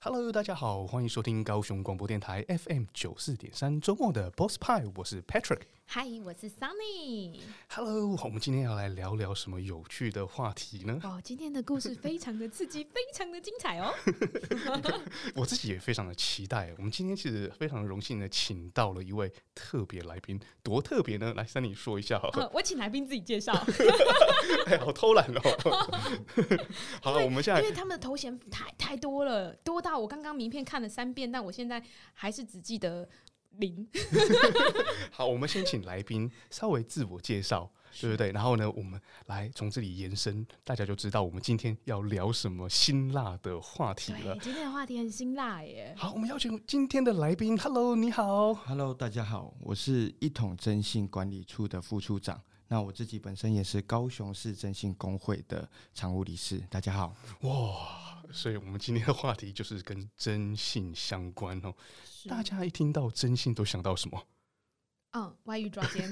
Hello，大家好，歡迎收聽高雄廣播電臺 FM 九四點三，週末的 Boss Pie，我是 Patrick。嗨，Hi, 我是 Sunny。Hello，我們今天要來聊聊什麼有趣的話題呢？哦，今天的故事非常的刺激， 非常的精彩哦。 我自己也非常的期待。我們今天其實非常榮幸的請到了一位特別來賓，多特別呢？來，Sunny 說一下好了。我請來賓自己介紹。哎、 欸，好偷懶哦。 好了，我們現在因為他們的頭銜太太多了，多到我剛剛名片看了三遍，但我現在還是只記得。零 好，我們先請來賓稍微自我介紹， 對不對？然後呢，我們來從這裡延伸，大家就知道我們今天要聊什麼辛辣的話題了。今天的話題很辛辣耶。好，我們邀請今天的來賓，Hello，你好，Hello，大家好，我是一統徵信管理處的副處長，那我自己本身也是高雄市徵信工會的常務理事。大家好，哇，所以我們今天的話題就是跟徵信相關哦。是大家一聽到徵信都想到什麼？嗯、哦，外遇抓姦。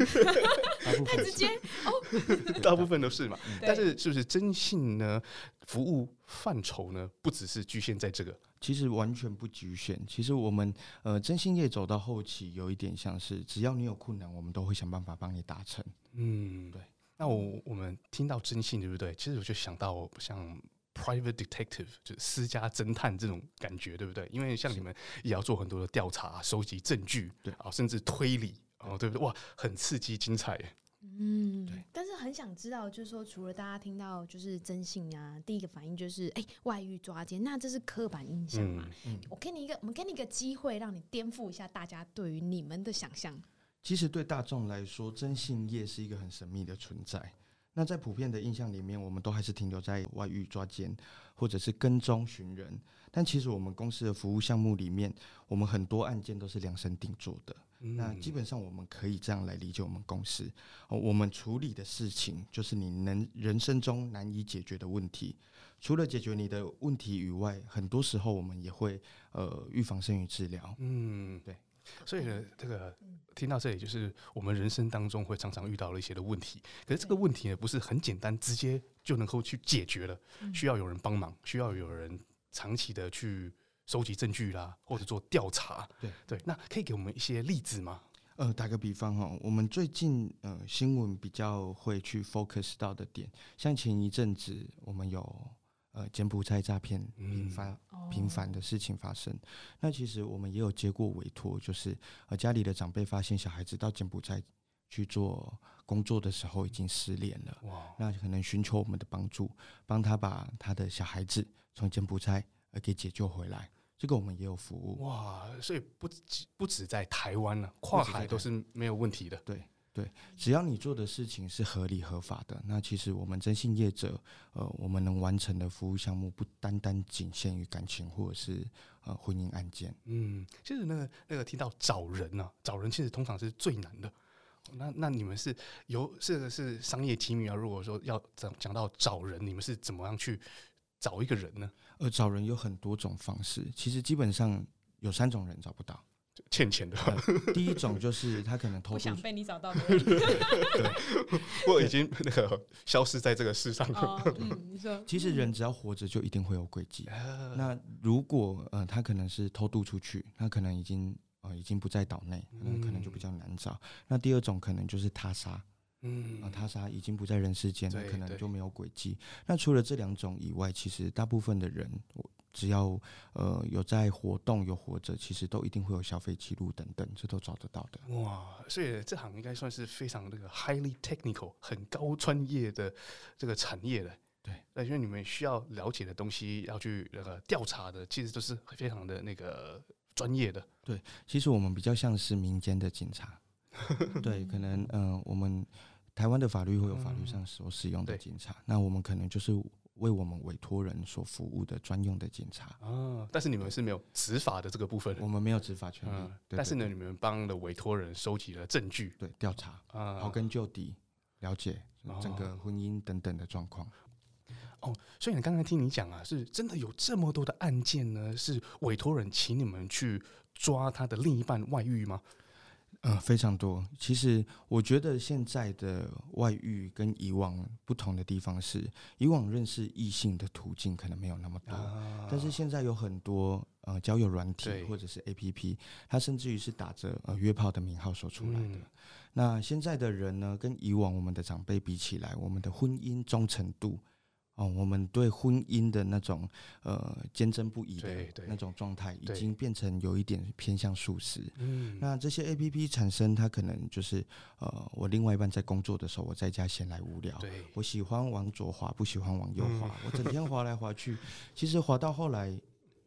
太直接哦。大部分都是嘛，對嗯、但是是不是徵信呢？服務範疇呢？不只是局限在這個，對其實完全不局限。其實我們呃，徵信業走到後期，有一點像是只要你有困難，我們都會想辦法幫你達成。嗯，對。那我我們聽到徵信對不對？其實我就想到像。Private Detective 就是私家偵探這種感覺，對不對？因為像你們也要做很多的調查、收集證據，對啊，甚至推理，對哦，對不對？哇，很刺激、精彩耶！嗯，對但是很想知道，就是說，除了大家聽到就是徵信啊，第一個反應就是哎，外遇抓姦，那這是刻板印象嘛？嗯，我給你一個，我們給你一個機會，讓你顛覆一下大家對於你們的想象。其實對大眾來說，徵信業是一個很神秘的存在。那在普遍的印象裡面，我們都還是停留在外遇抓奸，或者是跟蹤尋人。但其實我們公司的服務項目裡面，我們很多案件都是量身定做的。嗯，那基本上我們可以這樣來理解我們公司，哦，我們處理的事情就是你能人生中難以解決的問題。除了解決你的問題以外，很多時候我們也會呃預防勝於治療。嗯，對。所以呢，這個聽到這裡，就是我們人生當中會常常遇到了一些的問題，可是這個問題也不是很簡單，直接就能夠去解決了，需要有人幫忙，需要有人長期的去收集證據啦，或者做調查。對對，那可以給我們一些例子嗎？呃，打個比方哈，我們最近呃新聞比較會去 focus 到的點，像前一陣子我們有。呃，柬埔寨詐騙頻繁、頻繁、嗯、的事情發生。哦、那其實我們也有接過委托，就是呃，家裡的長輩發現小孩子到柬埔寨去做工作的時候已經失聯了，哇！那就可能尋求我們的幫助，幫他把他的小孩子從柬埔寨呃給解救回來。這個我們也有服務，哇！所以不止不止在台灣呢、啊，跨海都是沒有問題的，對。對，只要你做的事情是合理合法的，那其實我們徵信業者，呃，我們能完成的服務項目不單單僅限於感情或者是呃婚姻案件。嗯，其實那個那個提到找人呢、啊，找人其實通常是最難的。那那你們是有這個是商業機密啊？如果說要講講到找人，你們是怎麼樣去找一個人呢？呃，找人有很多種方式，其實基本上有三種人找不到，欠錢的， 第一種就是他可能偷渡，不想被你找到的 對，或已經那個消失在這個世上了。oh, 嗯。你說。 其實人只要活着就一定會有軌跡。嗯、那如果呃他可能是偷渡出去，他可能已經、呃、已經不在島內，那可能就比較難找。嗯、那第二種可能就是他殺。嗯，啊、他殺已經不在人世間，對可能就沒有軌跡。對那除了這兩種以外，其實大部分的人，我只要呃有在活動、有活着，其實都一定會有消費記錄等等，這都找得到的。哇，所以這行應該算是非常那個 highly technical 很高專業的這個產業了。對，那因為你們需要了解的東西，要去那個調查的，其實都是非常的那個專業的。對，其實我們比較像是民間的警察。 對，可能嗯、呃，我們。台灣的法律會有法律上所使用的警察，嗯、那我們可能就是為我們委托人所服務的專用的警察。啊，但是你們是沒有執法的這個部分，對我們沒有執法權利。但是呢，你們幫了委托人收集了證據，對調查，然後追根究底，了解整個婚姻等等的狀況。哦，所以你剛才聽你講啊，是真的有這麼多的案件呢？是委托人請你們去抓他的另一半外遇嗎？嗯、呃，非常多。其實我覺得現在的外遇跟以往不同的地方是，以往認識異性的途徑可能沒有那麼多，啊、但是現在有很多呃交友軟體或者是 APP，它甚至於是打着呃約炮的名號所出來的。嗯、那現在的人呢，跟以往我們的長輩比起來，我們的婚姻忠誠度。哦、嗯，我們對婚姻的那種呃堅貞不移的那種狀態，已經變成有一點偏向速食。那這些 A P P 產生，它可能就是呃，我另外一半在工作的時候，我在家閒來無聊，對我喜歡往左滑，不喜歡往右滑，嗯、我整天滑來滑去， 其實滑到後來。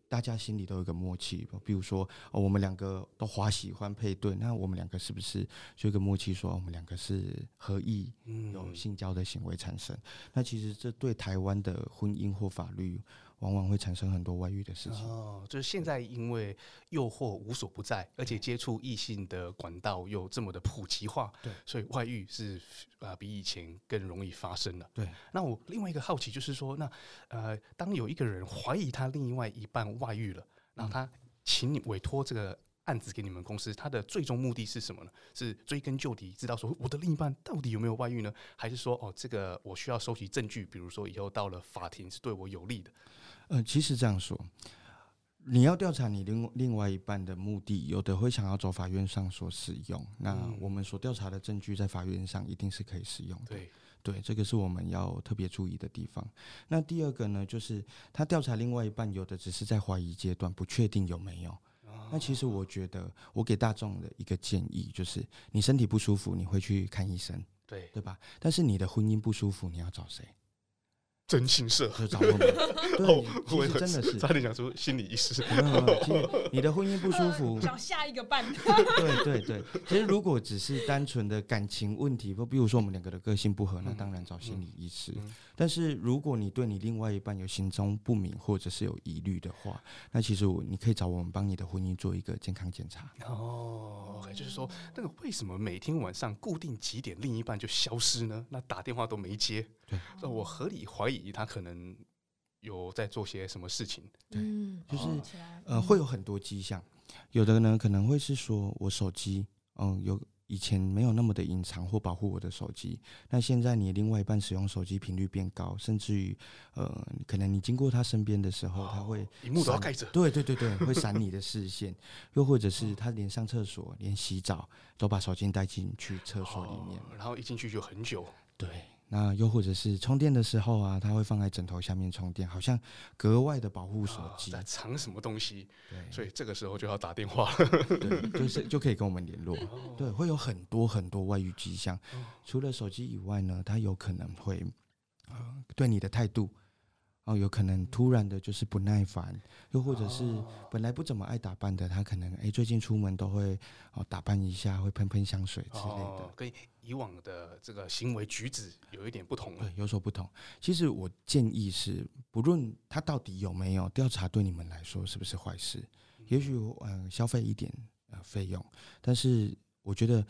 大家心裡都有一個默契，比如說，哦、我們兩個都華喜歡配對，那我們兩個是不是就有個默契說，說我們兩個是合意有性交的行為產生？嗯、那其實這對台灣的婚姻或法律。往往會產生很多外遇的事情哦，oh, 就是現在因為誘惑無所不在，對而且接觸異性的管道又這麼的普及化，對所以外遇是啊比以前更容易發生了。對那我另外一個好奇就是說，那呃，當有一個人懷疑他另外一半外遇了，然後他請你委託這個。案子給你們公司，他的最終目的是什麼呢？是追根究底，知道說我的另一半到底有沒有外遇呢？還是說，哦，這個我需要收集證據，比如說以後到了法庭是對我有利的？嗯、呃，其實這樣說，你要調查你另另外一半的目的，有的會想要走法院上所使用。那我們所調查的證據在法院上一定是可以使用的。對，對，這個是我們要特別注意的地方。那第二個呢，就是他調查另外一半，有的只是在懷疑階段，不確定有沒有。那其實我覺得，我給大眾的一個建議就是，你身體不舒服，你會去看醫生，對對吧？但是你的婚姻不舒服，你要找誰？徵信社，找我們。 對，哦、其實真的是差點講出心理醫師。 嗯、你的婚姻不舒服，呃、找下一個伴。 對對對，其實如果只是單純的感情問題，或比如說我們兩個的個性不合，那當然找心理醫師。嗯嗯嗯但是如果你對你另外一半有心中不明或者是有疑慮的話，那其實我你可以找我們幫你的婚姻做一個健康檢查。哦，okay、嗯、就是說，那個為什麼每天晚上固定幾點另一半就消失呢？那打電話都沒接，對，哦、所以我合理懷疑他可能有在做些什麼事情。嗯、對，就是、嗯、呃，會有很多跡象。嗯、有的呢，可能會是說我手機，嗯，有。以前沒有那麼的隱藏或保護我的手機，那現在你另外一半使用手機頻率變高，甚至於，呃，可能你經過他身邊的時候，他、哦、會螢幕都要蓋着，對對對對，會閃你的視線， 又或者是他連上廁所、 連洗澡都把手機帶進去廁所裡面，哦、然後一進去就很久，對。那又或者是充電的時候啊，他會放在枕頭下面充電，好像格外的保護手機。呃、在藏什麼東西？對，所以這個時候就要打電話了對。 對，就是就可以跟我們聯絡。哦、對，會有很多很多外遇跡象，哦、除了手機以外呢，他有可能會，呃、對你的態度。哦，有可能突然的就是不耐煩，又或者是本來不怎麼愛打扮的，他可能哎、欸、最近出門都會哦打扮一下，會噴噴香水之類的、哦，跟以往的這個行為舉止有一點不同了，對，有所不同。其實我建議是，不論他到底有沒有調查，對你們來說是不是壞事？也許嗯、呃、消費一點呃費用，但是我覺得。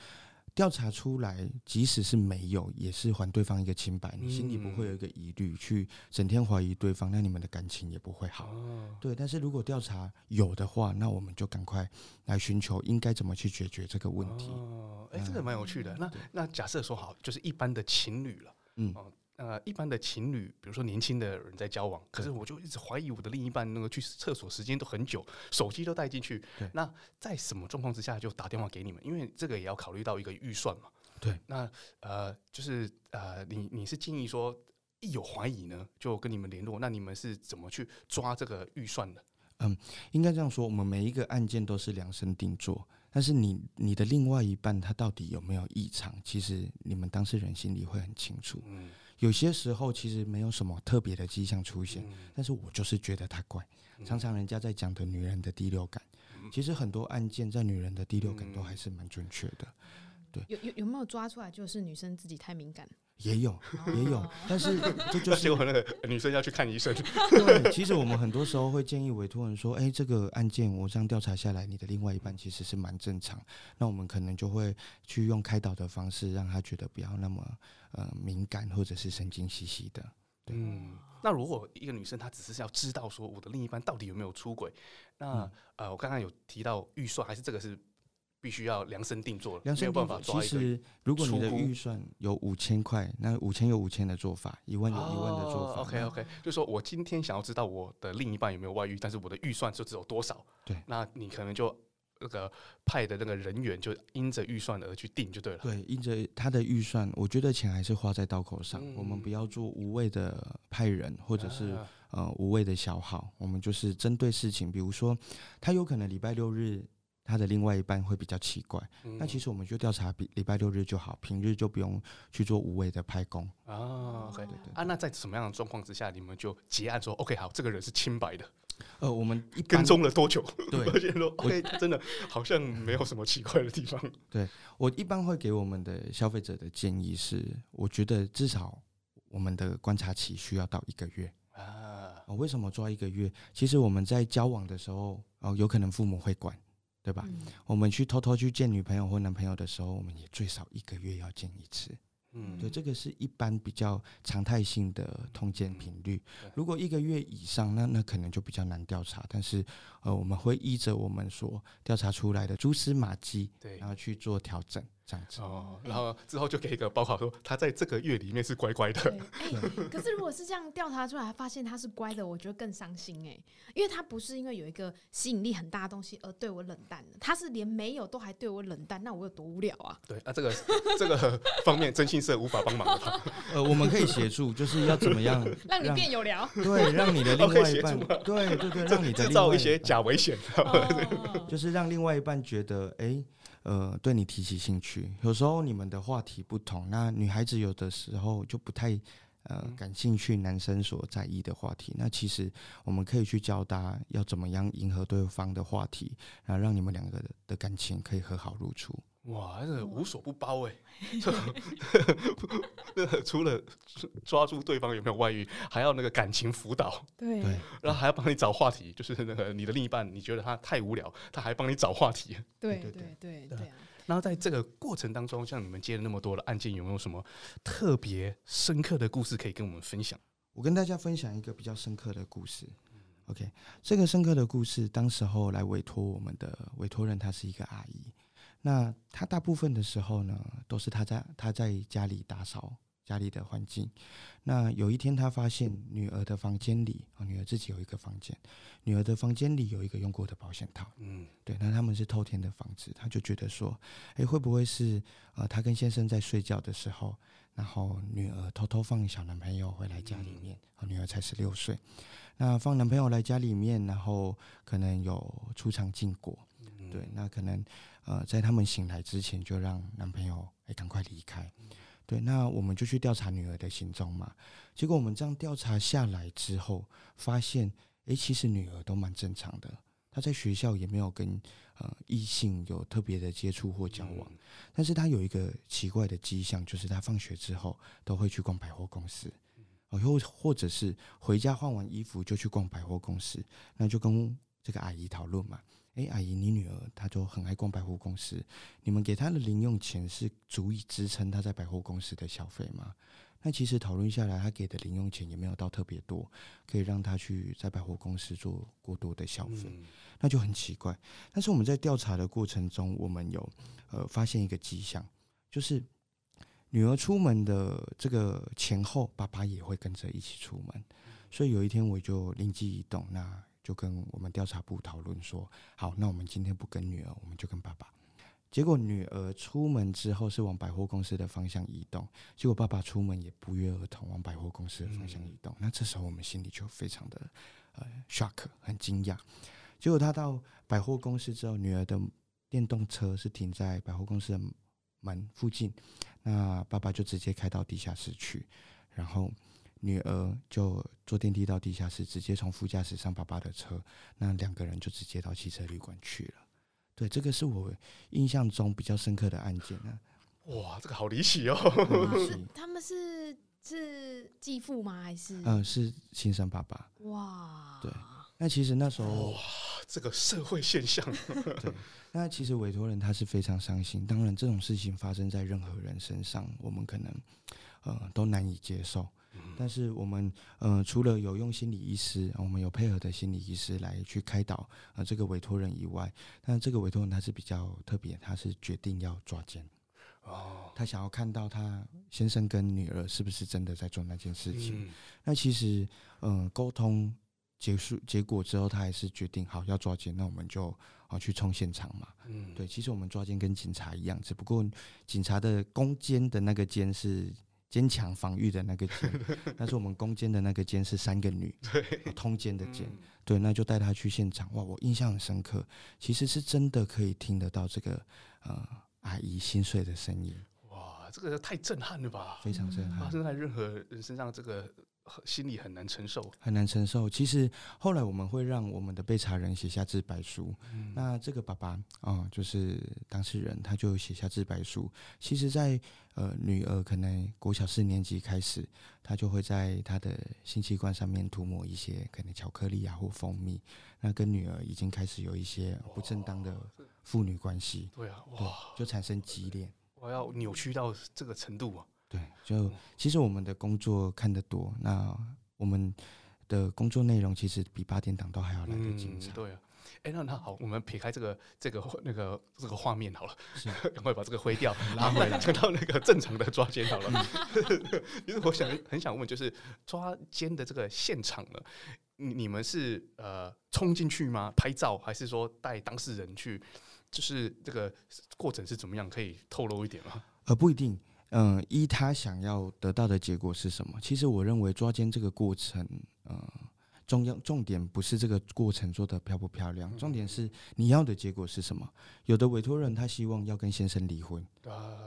調查出來，即使是沒有，也是還對方一個清白，你、嗯、心裡不會有一個疑慮，去整天懷疑對方，那你們的感情也不會好。哦、對，但是如果調查有的話，那我們就趕快來尋求應該怎麼去解決這個問題。哦，哎那、欸，這個蠻有趣的。對那那假設說好，就是一般的情侶了，嗯。呃呃，一般的情侶，比如說年輕的人在交往，可是我就一直懷疑我的另一半，那個去廁所時間都很久，手機都帶進去。對。那在什麼狀況之下就打電話給你們？因為這個也要考慮到一個預算嘛。對。那呃，就是呃，你你是建議說，一有懷疑呢，就跟你們聯絡。那你們是怎麼去抓這個預算的？嗯，應該這樣說，我們每一個案件都是量身定做。但是你你的另外一半他到底有沒有異常？其實你們當事人心裡會很清楚。嗯。有些時候其實沒有什麼特別的跡象出現，但是我就是覺得他怪。常常人家在講的女人的第六感，其實很多案件在女人的第六感都還是蠻準確的。對，有有有沒有抓出來？就是女生自己太敏感。也有，也有，但是這就是有那個女生要去看醫生。對，其實我們很多時候會建議委托人說：“哎、欸，這個案件我這樣調查下來，你的另外一半其實是蠻正常。那我們可能就會去用開導的方式，讓他覺得不要那麼呃敏感或者是神經兮兮的。對”嗯，那如果一個女生她只是要知道說我的另一半到底有沒有出軌，那呃，我剛剛有提到預算，還是這個是？必須要量身定做，了，量身定做。其實，如果你的預算有五千塊，空那五千有五千的做法，一萬有一萬的做法。哦、OK，OK，okay, okay, 就是說我今天想要知道我的另一半有沒有外遇，但是我的預算就只有多少。對，那你可能就那個派的那個人員就因着預算而去定就對了。對，因着他的預算，我覺得錢還是花在刀口上。嗯、我們不要做無謂的派人，或者是、啊、呃無謂的消耗。我們就是針對事情，比如說他有可能禮拜六日。他的另外一半會比較奇怪，那其實我們就調查比禮拜六日就好，平日就不用去做無謂的拍工啊。對對對。啊，那在什麼樣的狀況之下，你們就結案說 OK，好，這個人是清白的。呃，我們跟蹤了多久？對，而且說 OK，真的好像沒有什麼奇怪的地方。對，我一般會給我們的消費者的建議是，我覺得至少我們的觀察期需要到一個月啊。為什麼抓一個月？其實我們在交往的時候有可能父母會管。對吧？嗯、我們去偷偷去見女朋友或男朋友的時候，我們也最少一個月要見一次。嗯，對，這個是一般比較常態性的通姦頻率。嗯、如果一個月以上，那那可能就比較難調查。但是，呃，我們會依着我們所調查出來的蛛絲馬跡，對，然後去做調整。哦，然後之後就給一個報告說，他在這個月裡面是乖乖的。欸、 可是如果是這樣調查出來，發現他是乖的，我覺得更傷心哎、欸，因為他不是因為有一個吸引力很大的東西而對我冷淡的，他是連沒有都還對我冷淡，那我有多無聊啊？對那、啊、這個這個方面徵信社無法幫忙的話。 呃，我們可以協助，就是要怎麼樣讓，讓你變有聊？對，讓你的另外一半，哦、助對，對對對，這讓你製造一些假危險， 就是讓另外一半覺得哎。欸呃，對你提起興趣，有時候你們的話題不同，那女孩子有的時候就不太呃感興趣男生所在意的話題。嗯、那其實我們可以去教大家要怎麼樣迎合對方的話題，然後、啊、讓你們兩個的感情可以和好如初。哇，這、那個，無所不包哎！除了抓住對方有沒有外遇，還要那個感情輔導，對，然後還要幫你找話題，對，然後還要幫你找話題，就是那個你的另一半你覺得他太無聊，他還幫你找話題，對對對對。然後在這個過程當中，像你們接了那麼多的案件，有沒有什麼特別深刻的故事可以跟我們分享？我跟大家分享一個比較深刻的故事。嗯、OK，這個深刻的故事，當時候來委托我們的委托人，她是一個阿姨。那他大部分的時候呢，都是他在他在家裡打掃家裡的環境。那有一天，他發現女兒的房間裡，女兒自己有一個房間，女兒的房間裡有一個用過的保險套。嗯，對。那他們是透天的房子，他就覺得說，哎、欸，會不會是呃，他跟先生在睡覺的時候，然後女兒偷偷放小男朋友回來家裡面？嗯、女兒才十六歲，那放男朋友來家裡面，然後可能有出場禁果。嗯、對，那可能。呃，在他們醒來之前，就讓男朋友欸、趕快離開。嗯、對，那我們就去調查女兒的行蹤嘛。結果我們這樣調查下來之後，發現哎、欸，其實女兒都蠻正常的。她在學校也沒有跟呃異性有特別的接觸或交往，嗯、但是她有一個奇怪的跡象，就是她放學之後都會去逛百貨公司，然又、嗯、或者是回家換完衣服就去逛百貨公司。那就跟這個阿姨討論嘛。哎、欸，阿姨，你女兒她就很愛逛百貨公司，你們給她的零用錢是足以支撐她在百貨公司的消費嗎？那其實討論下來，她給的零用錢也沒有到特別多，可以讓她去在百貨公司做過多的消費，嗯、那就很奇怪。但是我們在調查的過程中，我們有呃發現一個跡象，就是女兒出門的這個前後，爸爸也會跟着一起出門。所以有一天我就靈機一動，那。就跟我們調查部討論說，好，那我們今天不跟女兒，我們就跟爸爸。結果女兒出門之後是往百貨公司的方向移動，結果爸爸出門也不約而同往百貨公司的方向移動。嗯。那這時候我們心裡就非常的呃 shock，很驚訝。結果他到百貨公司之後，女兒的電動車是停在百貨公司的門附近，那爸爸就直接開到地下室去，然後。女兒就坐電梯到地下室，直接從副駕駛上爸爸的車，那兩個人就直接到汽車旅館去了。對，這個是我印象中比較深刻的案件啊。哇，這個好離奇哦！啊，他們是是繼父嗎？還是嗯，呃，是親生爸爸？哇！對，那其實那時候，哇，這個社會現象。 對，那其實委託人他是非常傷心。當然，這種事情發生在任何人身上，我們可能呃都難以接受。但是我們，呃，除了有用心理醫師，我們有配合的心理醫師來去開導呃，這個委托人以外，但這個委托人他是比較特別，他是決定要抓奸，哦，他想要看到他先生跟女兒是不是真的在做那件事情。嗯、那其實，嗯、呃，溝通結束結果之後，他還是決定好要抓奸，那我們就好去衝現場嘛。嗯，對，其實我們抓奸跟警察一樣，只不過警察的“攻堅的那個“堅”是，堅強防禦的那個堅，但 是我們攻堅的那個堅是三個女，對，啊、通奸的奸，嗯、對，那就帶她去現場。哇，我印象很深刻，其實是真的可以聽得到這個，呃，阿姨心碎的聲音。哇，這個太震撼了吧，非常震撼，發生在任何人身上這個。心裡很難承受，很難承受。其實後來我們會讓我們的被查人寫下自白書，嗯、那這個爸爸啊、嗯，就是當事人，他就寫下自白書。其實在，在呃女兒可能國小四年級開始，他就會在他的性器官上面塗抹一些可能巧克力啊或蜂蜜，那跟女兒已經開始有一些不正當的父女關係。對啊，哇，對哇就產生畸戀，我要扭曲到這個程度啊！對，就其實我們的工作看得多，那我們的工作內容其實比八點檔都還要來得精彩，嗯。對啊，哎，欸，那那好，我們撇開這個這個那個這個畫面好了，趕是快把這個灰掉，然後講到那個正常的抓奸好了。因為、 嗯、 我想很想問，就是抓奸的這個現場呢，你你們是呃衝進去嗎？拍照還是說帶當事人去？就是這個過程是怎麼樣？可以透露一點嗎？呃，不一定。嗯，依他想要得到的結果是什麼？其實我認為抓姦這個過程，嗯。重要重點不是這個過程做得漂不漂亮，重點是你要的結果是什麼。有的委託人他希望要跟先生離婚，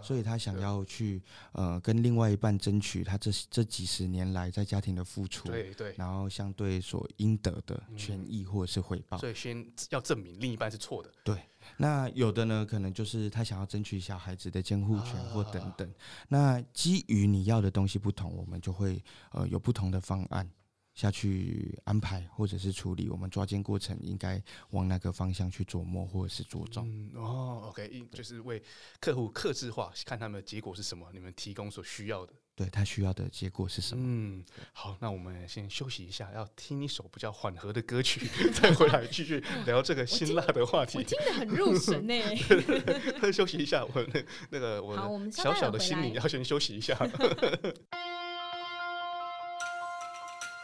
所以他想要去呃跟另外一半爭取他這這幾十年來在家庭的付出，對對，然後相對所應得的權益或者是回報。所以先要證明另一半是錯的。對，那有的呢，可能就是他想要爭取小孩子的監護權或等等。那基於你要的東西不同，我們就會呃有不同的方案。下去安排，或者是處理，我們抓姦過程應該往哪個方向去琢磨，或者是着重、嗯、哦，OK，就是為客戶客製化，看他們的結果是什麼，你們提供所需要的，對他需要的結果是什麼？嗯，好，那我們先休息一下，要聽一首比較緩和的歌曲， 再回來繼續聊這個辛辣的話題。我聽，我聽得很入神呢、欸， 對對對，休息一下，我那個我們小小的心靈要先休息一下。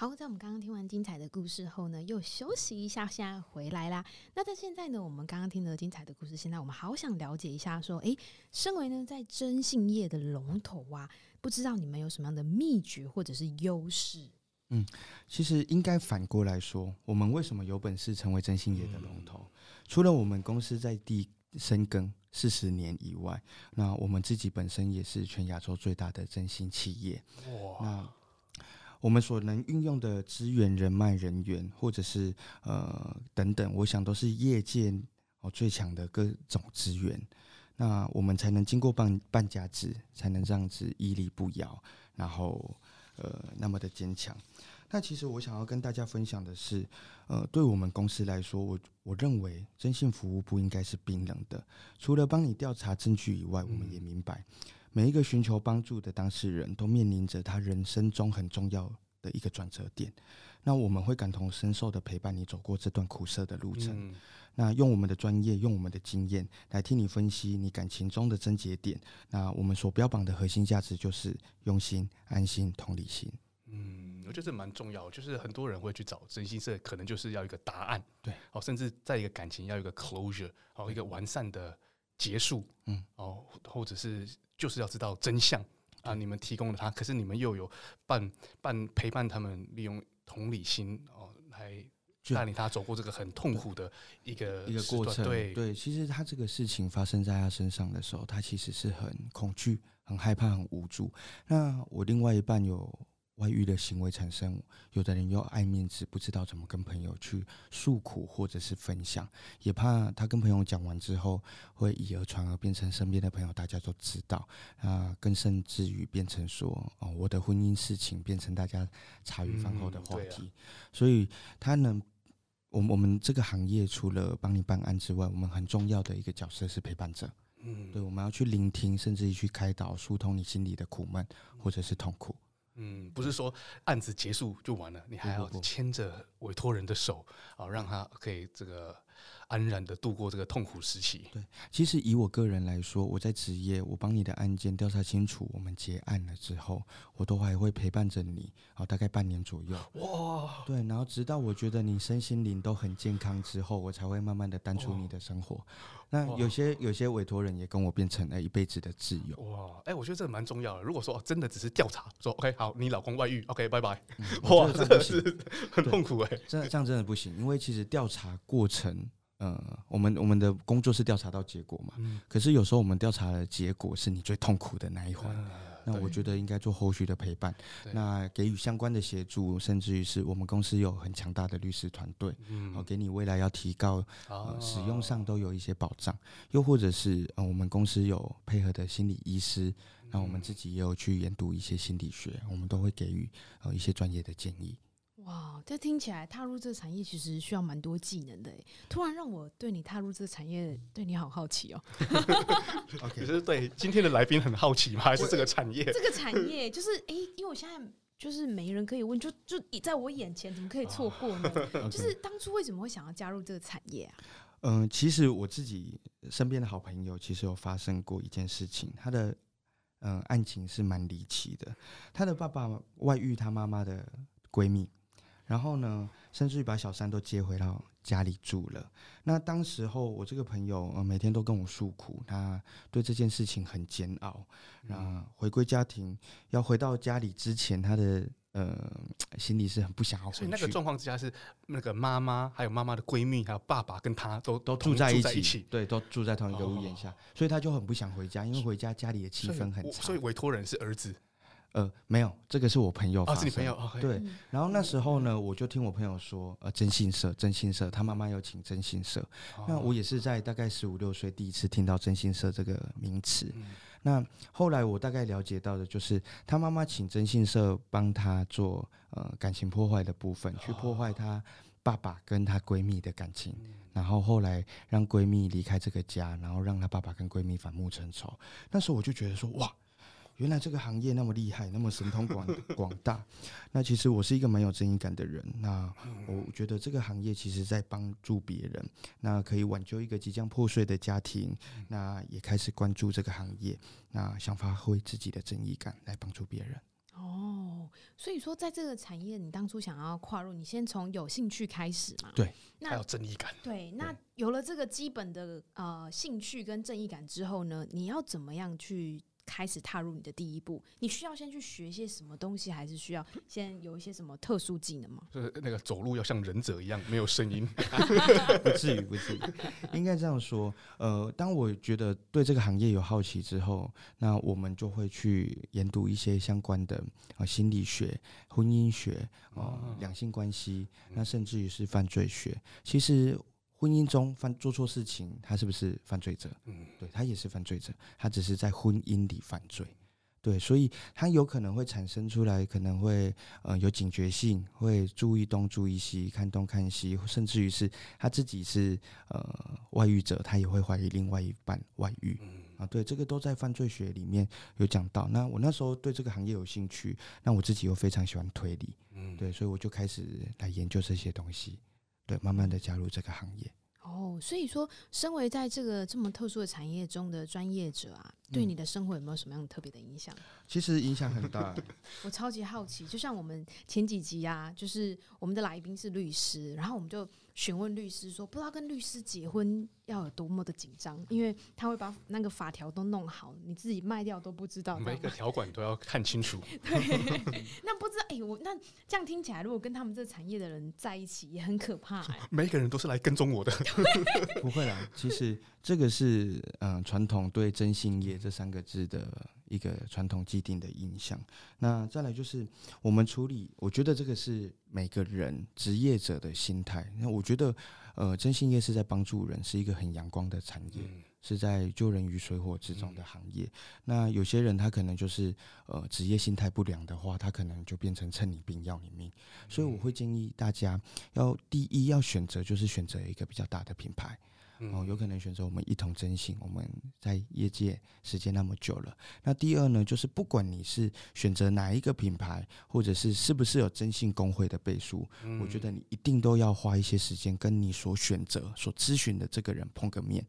好，在我們剛剛聽完精彩的故事後呢，又休息一下，現在回來啦。那在現在呢，我們剛剛聽了精彩的故事，現在我們好想了解一下，說，誒、欸，身為呢在徵信業的龍頭啊，不知道你們有什麼樣的秘訣或者是優勢？嗯，其實應該反過來說，我們為什麼有本事成為徵信業的龍頭？嗯、除了我們公司在地深耕四十年以外，那我們自己本身也是全亞洲最大的徵信企業。哇！那我們所能運用的資源、人脈、人員，或者是呃等等，我想都是業界哦最強的各種資源。那我們才能經過半半甲子，才能這樣子屹立不搖，然後呃那麼的堅強。那其實我想要跟大家分享的是，呃，對我們公司來說，我我認為徵信服務不應該是冰冷的。除了幫你調查證據以外，我們也明白。嗯每一個尋求幫助的當事人，都面臨着他人生中很重要的一個轉折點，那我們會感同身受的陪伴你走過這段苦澀的路程，嗯、那用我們的專業，用我們的經驗來替你分析你感情中的症結點。那我們所標榜的核心價值就是用心、安心、同理心。嗯，我覺得這蠻重要，就是很多人會去找徵信社，可能就是要一個答案，對，好、哦，甚至在一個感情要一個 closure，好、哦，一個完善的。結束，嗯，哦，或者是就是要知道真相啊，你們提供了他，可是你們又有伴伴陪伴他們，利用同理心哦來去帶領他走過這個很痛苦的一個一個過程。對，對，其實他這個事情發生在他身上的時候，他其實是很恐懼、很害怕、很無助。那我另外一半有。外遇的行為產生，有的人又愛面子，不知道怎麼跟朋友去訴苦或者是分享，也怕他跟朋友講完之後，會以訛傳訛變成身邊的朋友大家都知道，啊，更甚至於變成說，哦，我的婚姻事情變成大家茶餘飯後的話題，嗯啊、所以他呢，我我們這個行業除了幫你辦案之外，我們很重要的一個角色是陪伴者，嗯，對，我們要去聆聽，甚至於去開導，疏通你心裡的苦悶或者是痛苦。嗯，不是說案子結束就完了，你還要牽着委托人的手啊，讓他可以這個。安然的度過這個痛苦時期。對，其實以我個人來說，我在職業，我幫你的案件調查清楚，我們結案了之後，我都還會陪伴着你，好，大概半年左右。哇，對，然後直到我覺得你身心靈都很健康之後，我才會慢慢的淡出你的生活。哦、那有些哇有些委托人也跟我變成了一輩子的摯友。哇，哎、欸，我覺得這蠻重要的。如果說真的只是調查，說 OK，好，你老公外遇，OK，拜拜。嗯、哇，真的是很痛苦哎、欸，真的這樣真的不行，因為其實調查過程。嗯、呃，我們我們的工作是調查到結果嘛。嗯、可是有時候我們調查的結果是你最痛苦的那一環，啊、那我覺得應該做後續的陪伴，啊、那給予相關的協助，對甚至於是我們公司有很強大的律師團隊，嗯、哦，給你未來要提高、呃、使用上都有一些保障，哦、又或者是呃，我們公司有配合的心理醫師，嗯、那我們自己也有去研讀一些心理學，我們都會給予呃一些專業的建議。哇，這聽起來踏入這個產業其實需要蠻多技能的哎！突然讓我對你踏入這個產業，對你好好奇哦。可 Okay. 是對今天的來賓很好奇嗎？還、就是、是這個產業？這個產業就是哎、欸，因為我現在就是沒人可以問，就就你在我眼前，怎麼可以錯過呢？Oh. Okay. 就是當初為什麼會想要加入這個產業啊？嗯，其實我自己身邊的好朋友其實有發生過一件事情，他的嗯，案情是蠻離奇的，他的爸爸外遇他媽媽的閨蜜。然後呢，甚至於把小三都接回到家裡住了。那當時候，我這個朋友、呃、每天都跟我訴苦，他對這件事情很煎熬。那、嗯、回歸家庭，要回到家裡之前，他的呃心裡是很不想要回去。所以那個狀況之下是那個媽媽，還有媽媽的閨蜜，還有爸爸跟他都都住在一起，一起對，都住在同一個屋檐下，哦、所以他就很不想回家，因為回家家裡的氣氛很差。所以委托人是兒子？呃，沒有，這個是我朋友。哦，是你朋友。Okay、對，然後那時候呢，我就聽我朋友說，呃，徵信社，徵信社，他媽媽有請徵信社。哦、那我也是在大概十五六歲第一次聽到徵信社這個名詞。嗯、那後來我大概了解到的就是，他媽媽請徵信社幫他做呃感情破壞的部分，去破壞他爸爸跟他閨蜜的感情，哦、然後後來讓閨蜜離開這個家，然後讓他爸爸跟閨蜜反目成仇。那時候我就覺得說，哇。原來這個行業那麼厲害，那麼神通廣廣大。那其實我是一個蠻有正義感的人。那我覺得這個行業其實在幫助別人，那可以挽救一個即將破碎的家庭。那也開始關注這個行業，那想發揮自己的正義感來幫助別人。哦，所以說在這個產業，你當初想要跨入，你先從有興趣開始嘛？對，那還有正義感。對，那有了這個基本的呃興趣跟正義感之後呢，你要怎麼樣去？開始踏入你的第一步，你需要先去學些什麼東西，還是需要先有一些什麼特殊技能嗎？就是那個走路要像忍者一樣沒有聲音。不至於，不至於，應該這樣說。呃，當我覺得對這個行業有好奇之後，那我們就會去研讀一些相關的啊、呃、心理學、婚姻學啊、呃、兩性關係，那甚至於是犯罪學。其實。婚姻中犯做錯事情，他是不是犯罪者？嗯，對，他也是犯罪者，他只是在婚姻裡犯罪。對，所以他有可能會產生出來，可能會嗯，呃，有警覺性，會注意東注意西，看東看西，甚至於是他自己是呃外遇者，他也會懷疑另外一半外遇。嗯，啊，對，這個都在犯罪學裡面有講到。那我那時候對這個行業有興趣，那我自己又非常喜歡推理。嗯，對，所以我就開始來研究這些東西。對，慢慢的加入這個行業。哦，所以說，身為在這個這麼特殊的產業中的專業者啊，對你的生活有沒有什麼樣的特別的影響、嗯？其實影響很大、欸。 我超級好奇，就像我們前幾集啊，就是我們的來賓是律師，然後我們就詢問律師說，不知道跟律師結婚要有多麼的緊張，因為他會把那個法條都弄好，你自己賣掉都不知道。每個條款都要看清楚。 對，那不知道哎、欸，我那這樣聽起來，如果跟他們這產業的人在一起，也很可怕、欸。每個人都是來跟蹤我的。 不會啦，其實這個是嗯，呃、傳統對徵信業。這三個字的一個傳統既定的印象。那再來就是我們處理，我覺得這個是每個人職業者的心態。那我覺得，呃，徵信業是在幫助人，是一個很陽光的產業，嗯、是在救人於水火之中的行業。嗯、那有些人他可能就是呃職業心態不良的話，他可能就變成趁你病要你命。嗯、所以我會建議大家要第一要選擇，就是選擇一個比較大的品牌。哦，有可能選擇我們一同徵信。我們在業界時間那麼久了，那第二呢，就是不管你是選擇哪一個品牌，或者是是不是有徵信公會的背書，我覺得你一定都要花一些時間跟你所選擇、所諮詢的這個人碰個面。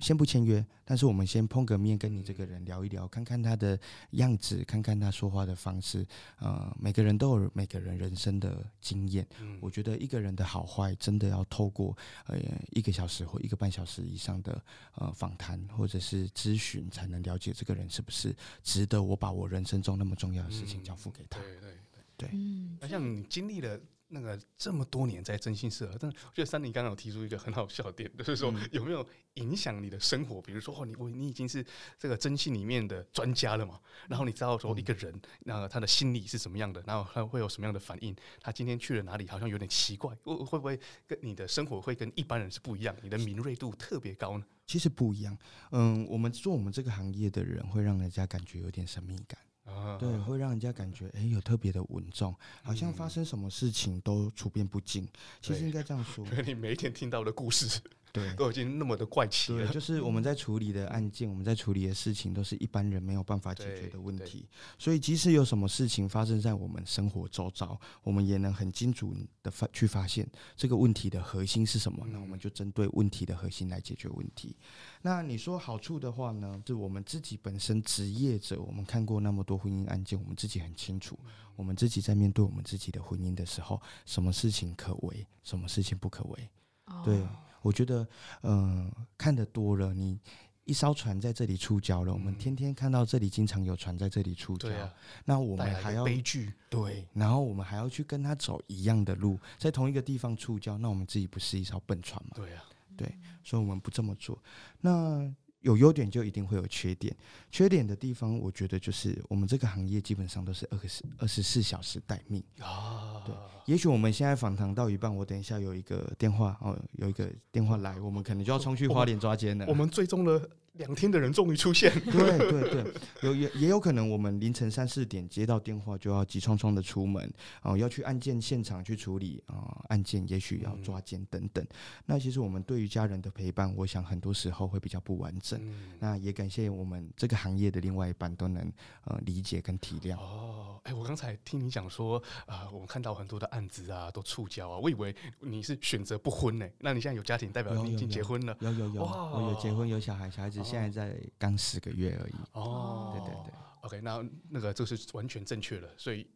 先不簽約，但是我們先碰個面，跟你這個人聊一聊，嗯、看看他的樣子，看看他說話的方式。呃，每個人都有每個人人生的經驗，嗯、我覺得一個人的好壞，真的要透過呃一個小時或一個半小時以上的呃訪談或者是諮詢，才能了解這個人是不是值得我把我人生中那麼重要的事情交付給他。嗯、對對好對、嗯、像你經歷了，那個這麼多年在徵信社，但我覺得珊妮剛剛有提出一個很好笑的點，就是說有沒有影響你的生活？比如說，哦，你我你已經是這個徵信裡面的專家了嘛？然後你知道說一個人，那他的心理是什麼樣的？然後他會有什麼樣的反應？他今天去了哪裡？好像有點奇怪，會會不會跟你的生活會跟一般人是不一樣？你的敏銳度特別高呢？其實不一樣，嗯，我們做我們這個行業的人，會讓人家感覺有點神秘感。Uh huh. 對，會讓人家感覺哎、欸，有特別的穩重，uh huh. 好像發生什麼事情都處變不驚。Uh huh. 其實應該這樣說， 你每一天聽到的故事。 對，都已經那麼的怪奇了。對，就是我們在處理的案件，我們在處理的事情，都是一般人沒有辦法解決的問題。所以，即使有什麼事情發生在我們生活周遭，我們也能很清楚的發去發現這個問題的核心是什麼。嗯、那我們就針對問題的核心來解決問題。那你說好處的話呢？就我們自己本身職業者，我們看過那麼多婚姻案件，我們自己很清楚，嗯、我們自己在面對我們自己的婚姻的時候，什麼事情可為，什麼事情不可為。Oh. 對。我覺得，嗯、呃，看得多了，你一艘船在這裡觸礁了，嗯、我們天天看到這裡，經常有船在這裡觸礁。啊、那我們還要悲劇？對，然後我們還要去跟他走一樣的路，在同一個地方觸礁，那我們自己不是一艘笨船嗎？對啊，對，所以我們不這麼做。那。有優點就一定會有缺點，缺點的地方，我覺得就是我們這個行業基本上都是二十二十四小時待命。哦，對，也許我們現在訪談到一半，我等一下有一個電話哦，有一個電話來，我們可能就要衝去花蓮抓姦了，哦哦。我們最終的。兩天的人終於出現， 對對對，有也也有可能我們凌晨三四點接到電話就要急匆匆的出門哦、呃，要去案件現場去處理啊、呃，案件也許要抓奸等等。那其實我們對於家人的陪伴，我想很多時候會比較不完整。嗯、那也感謝我們這個行業的另外一半都能呃理解跟體諒。哦，哎、欸，我剛才聽你講說啊、呃，我看到很多的案子啊都觸礁啊，我以為你是選擇不婚呢，那你現在有家庭，代表你已經結婚了？有有有，有有有哦、我有結婚，有小孩，小孩子、哦。現在在剛十個月而已哦，對對對,對，OK，那那個就是完全正確了。所以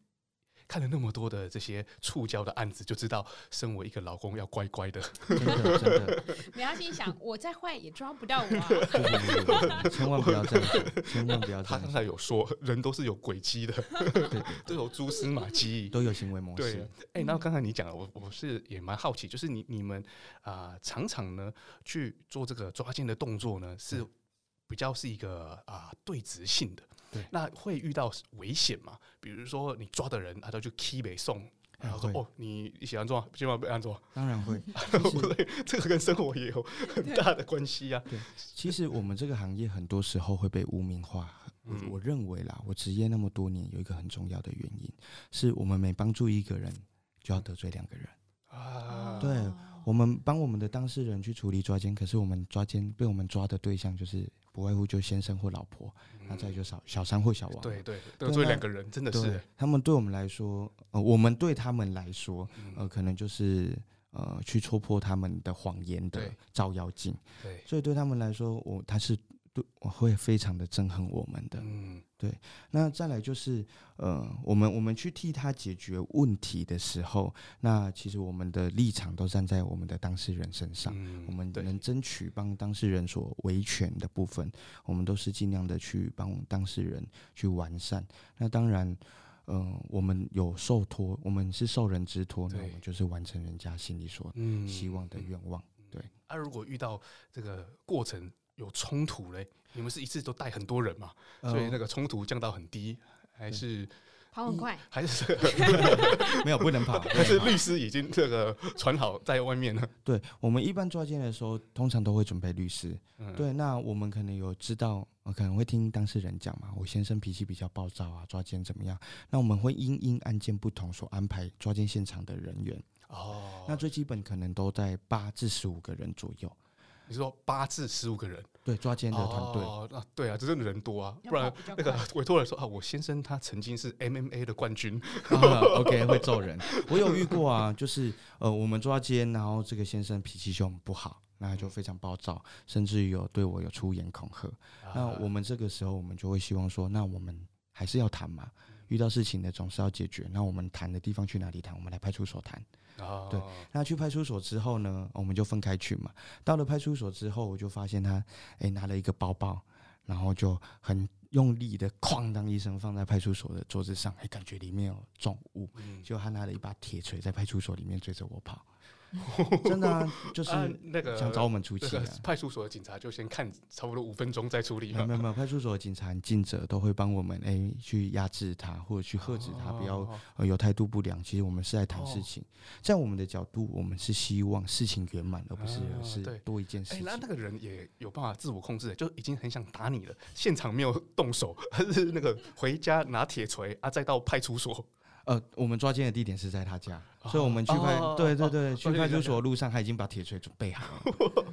看了那麼多的這些觸礁的案子，就知道身為一個老公要乖乖的，真的真的。真的 你要心想，我再壞也抓不到我，千 萬不要這樣，千萬不要。我不要他剛才有說，人都是有軌迹的，對,對對，都有蛛絲馬迹、嗯，都有行為模式。哎，那、欸、剛才你講了，我我是也蠻好奇，就是你你們啊、呃，常常呢去做這個抓奸的動作呢，是？比較是一個啊、呃、對值性的，對，那會遇到危險嗎？比如說你抓的人，他、啊、都就踢沒送，然後說哦，你喜歡抓，不喜歡被按抓？當然會，啊哦、這個跟生活也有很大的關係啊。對，其實我們這個行業很多時候會被污名化。我、嗯、我認為啦，我職業那麼多年，有一個很重要的原因，是我們每幫助一個人，就要得罪兩個人啊。對。我們幫我們的當事人去處理抓奸，可是我們抓奸被我們抓的對象就是不外乎就先生或老婆，那、嗯啊、再就小小三或小王，對，對對，得罪兩個人他真的是。他們對我們來說，呃，我們對他們來說，呃，可能就是呃，去戳破他們的謊言的照妖鏡。對，所以對他們來說，我他是。都，我會非常的憎恨我們的。嗯，對。那再來就是，呃，我們我們去替他解決問題的時候，那其實我們的立場都站在我們的當事人身上。嗯，我們能爭取幫當事人所維權的部分，對我們都是盡量的去幫當事人去完善。那當然，嗯、呃，我們有受托，我們是受人之托，對那我們就是完成人家心裡所希望的願望。嗯嗯、對。那、啊、如果遇到這個過程，有衝突嘞！你們是一次都帶很多人嘛？呃、所以那個衝突降到很低，還是跑很快？嗯、還是沒有不能跑？但 是律師已經這個傳好在外面了？對我們一般抓奸的時候，通常都會準備律師。嗯、對，那我們可能有知道，我、呃、可能會聽當事人講嘛。我先生脾氣比較暴躁啊，抓奸怎麼樣？那我們會因因案件不同所安排抓奸現場的人員。哦，那最基本可能都在八至十五個人左右。你是說八至十五個人？對，抓姦的團隊。哦，那對啊，這真的人多啊，不然那個委託人說啊，我先生他曾經是 MMA 的冠軍。啊，OK 會揍人。 我有遇過啊，就是呃，我們抓姦，然後這個先生脾氣就很不好，那就非常暴躁，甚至有對我有出言恐嚇。嗯。那我們這個時候，我們就會希望說，那我們還是要談嘛，遇到事情的總是要解決。那我們談的地方去哪裡談？我們來派出所談。Oh. 對，那去派出所之後呢，我們就分開去嘛。到了派出所之後，我就發現他，哎、欸，拿了一個包包，然後就很用力的哐當一聲放在派出所的桌子上，哎、欸，感覺裡面有重物，mm hmm. 就還拿了一把鐵錘在派出所裡面追着我跑。 真的啊，就是那個想找我們出氣、啊。啊那個那個、派出所的警察，就先看差不多五分鐘再處理。沒有沒有，派出所的警察盡責都會幫我們，哎、欸，去壓制他或者去喝止他，哦、不要有態、呃、度不良。其實我們是在談事情，哦、在我們的角度，我們是希望事情圓滿，而不是是多一件事情、啊欸。那那個人也有辦法自我控制、欸，就已經很想打你了，現場沒有動手，還是那個回家拿鐵錘啊，再到派出所。呃，我們抓姦的地點是在他家，哦、所以我們去派，哦哦哦哦對對對，去派出所的路上，他已經把鐵錘準備好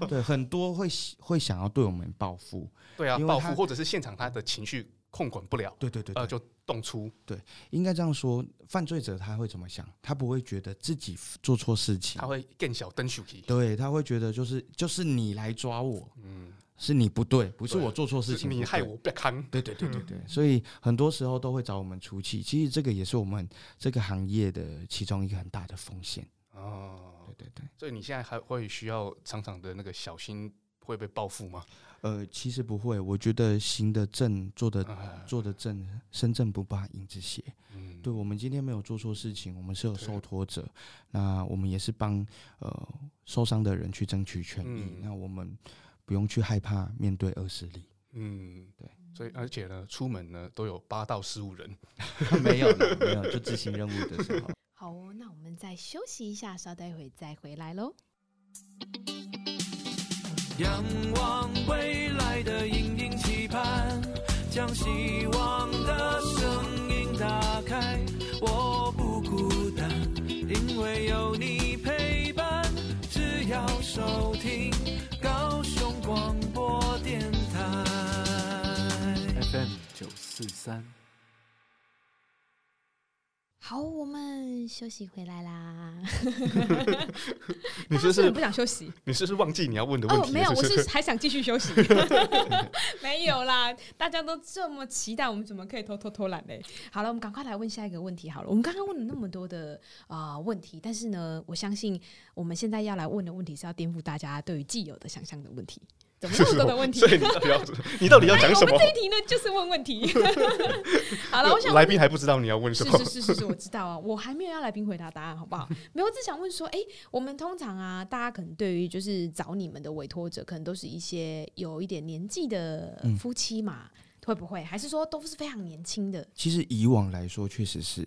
了，對，很多會會想要對我們報復，對啊，報復或者是現場他的情緒控管不了，對，對對對，呃、就動粗。對，應該這樣說，犯罪者他會怎麼想？他不會覺得自己做錯事情，他會更小燈手皮，對他會覺得就是就是你來抓我，嗯。是你不對，不是我做錯事情，你害我不堪對。對，對對對對對，嗯、所以很多時候都會找我們出氣。其實這個也是我們這個行業的其中一個很大的風險。哦，對對對。所以你現在還會需要常常的那個小心會被報復嗎？呃，其實不會。我覺得行得正，做的、啊、做得正，身正不怕影子斜。嗯，對，我們今天沒有做錯事情，我們是有受托者，對那我們也是幫呃受傷的人去爭取權益。嗯、那我們。不用去害怕面對惡勢力。嗯，對，所以而且呢，出門呢都有八到十五人 沒有沒有，就執行任務的時候 好，那我們再休息一下，稍待一會再回來嘍。仰望未來的陰影，期盼將希望的聲音打開，我不孤單，因為有你陪伴，只要守三，好，我們休息回來啦。 你是不是，是不是不想休息？你是不是忘記你要問的問題、哦？沒有，是是我是還想繼續休息。 沒有啦，大家都這麼期待，我們怎麼可以偷偷偷懶嘞？好了，我們趕快來問下一個問題好了。我們剛剛問了那麼多的啊、呃、問題，但是呢，我相信我們現在要來問的問題是要顛覆大家對於既有的想象的問題。怎麼這麼多的問題？是是，所以你到底要講什麼？哎、我們這一題呢，就是問問題。 好了，我想來賓還不知道你要問什麼。是是是，是，是，我知道啊，我還沒有要來賓回答答案，好不好？ 沒有，只想問說，哎、欸，我們通常啊，大家可能對於就是找你們的委託者，可能都是一些有一點年紀的夫妻嘛，嗯、會不會？還是說都是非常年輕的？其實以往來說，確實是，